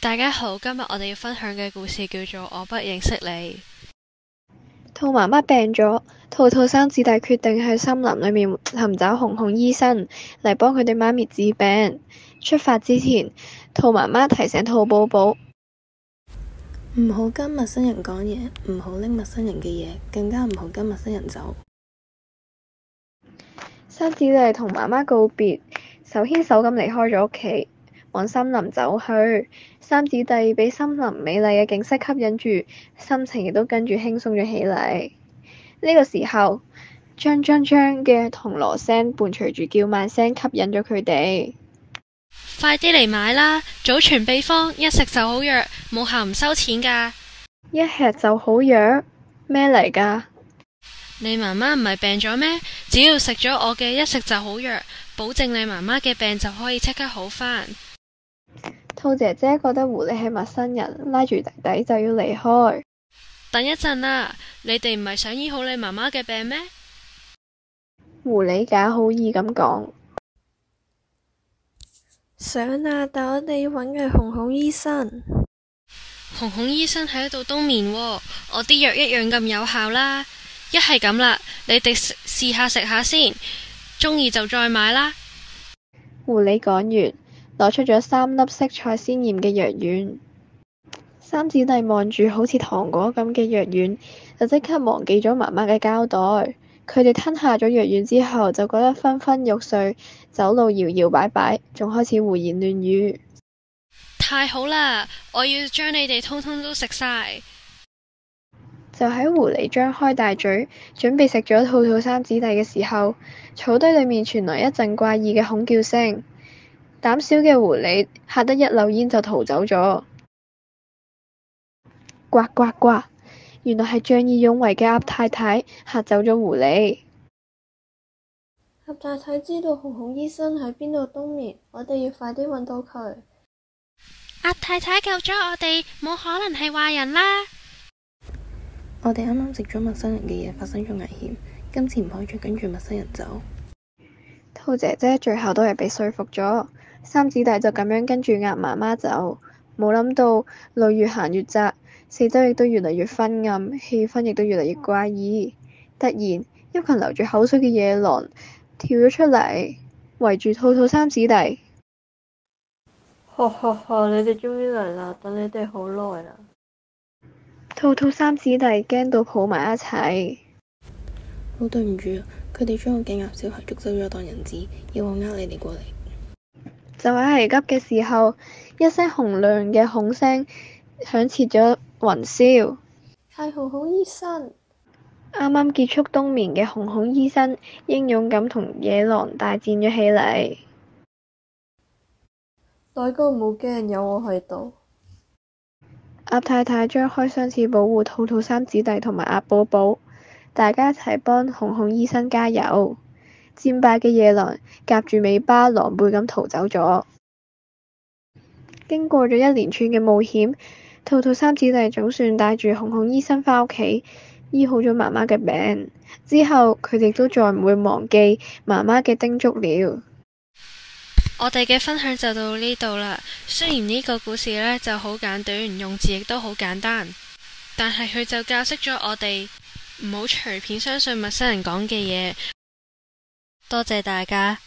大家好，今日我哋要分享嘅故事叫做《我不認識你》。兔媽媽病咗，兔兔三姊弟決定喺森林裏面尋找紅紅醫生嚟幫佢哋媽咪治病。出發之前，兔媽媽提醒兔寶寶：唔好跟陌生人講嘢，唔好拎陌生人嘅嘢，更加唔好跟陌生人走。三姊弟同媽媽告別，手牽手咁離開咗屋企。往森林走去，三姊弟俾森林美麗嘅景色吸引住，心情亦都跟住輕鬆咗起嚟。呢個時候，鏘鏘鏘嘅銅鑼聲伴隨住叫賣聲，吸引咗佢哋。快啲嚟買啦！祖傳秘方，一食就好藥，冇效唔收錢㗎。一吃就好藥咩嚟㗎？你媽媽唔係病咗咩？只要食咗我嘅一食就好藥，保證你媽媽嘅病就可以即刻好返。」兔姐姐覺得狐狸係陌生人，拉住弟弟就要離開。等一陣啦，你哋唔係想醫好你媽媽嘅病咩？狐狸假好意咁講。想啦、啊，但我哋要搵個熊熊醫生。熊熊醫生喺度冬眠、啊，我啲藥一樣咁有效啦。一係咁啦，你哋試，試下食下先，中意就再買啦。狐狸講完。攞出咗三粒色彩鮮豔嘅藥丸，三姊弟望住好似糖果咁嘅藥丸，就即刻忘記咗媽媽嘅交代。佢哋吞下咗藥丸之後，就覺得昏昏欲睡，走路搖搖擺擺，仲開始胡言亂語。太好啦！我要將你哋通通都食晒！」就喺狐狸張開大嘴，準備食咗兔兔三姊弟嘅時候，草堆裡面傳來一陣怪異嘅吼叫聲。膽小嘅狐狸嚇得一溜煙就逃走咗。呱呱呱！原來係仗義勇為嘅鴨太太嚇走咗狐狸。鴨太太知道紅紅醫生喺邊度冬眠，我哋要快啲搵到佢。鴨太太救咗我哋，冇可能係壞人啦。我哋啱啱食咗陌生人嘅嘢，發生咗危險，今次唔可以再跟住陌生人走。兔姐姐最後都係被說服咗。三子弟就咁樣跟住鴨媽媽走，冇諗到路越行越窄，四周亦都越嚟越昏暗，氣氛亦都越嚟越怪異。突然，一群流住口水嘅野狼跳咗出嚟，圍住兔兔三子弟。呵呵呵，你哋終於嚟啦，等你哋好耐啦。兔兔三子弟驚到抱埋一齊。好對唔住啊，佢哋將我嘅鴨小孩捉走咗當人質，要我呃你哋過嚟。就喺危急嘅時候，一聲洪亮嘅吼聲響徹咗雲霄。係熊熊醫生。啱啱結束冬眠嘅熊熊醫生，英勇咁同野狼大戰咗起嚟。代哥唔好驚，有我喺度。鴨太太張開雙翅保護兔兔三姊弟同埋鴨寶寶，大家一齊幫熊熊醫生加油。戰敗嘅野狼夾住尾巴，狼狽咁逃走咗。經過咗一連串嘅冒險，兔兔三姐弟總算帶住熊熊醫生返屋企，醫好咗媽媽嘅病。之後佢哋都再唔會忘記媽媽嘅叮囑了。我哋嘅分享就到呢度啦。雖然呢個故事呢就好簡短，用字亦都好簡單，但係佢就教識咗我哋唔好隨便相信陌生人講嘅嘢。多謝大家。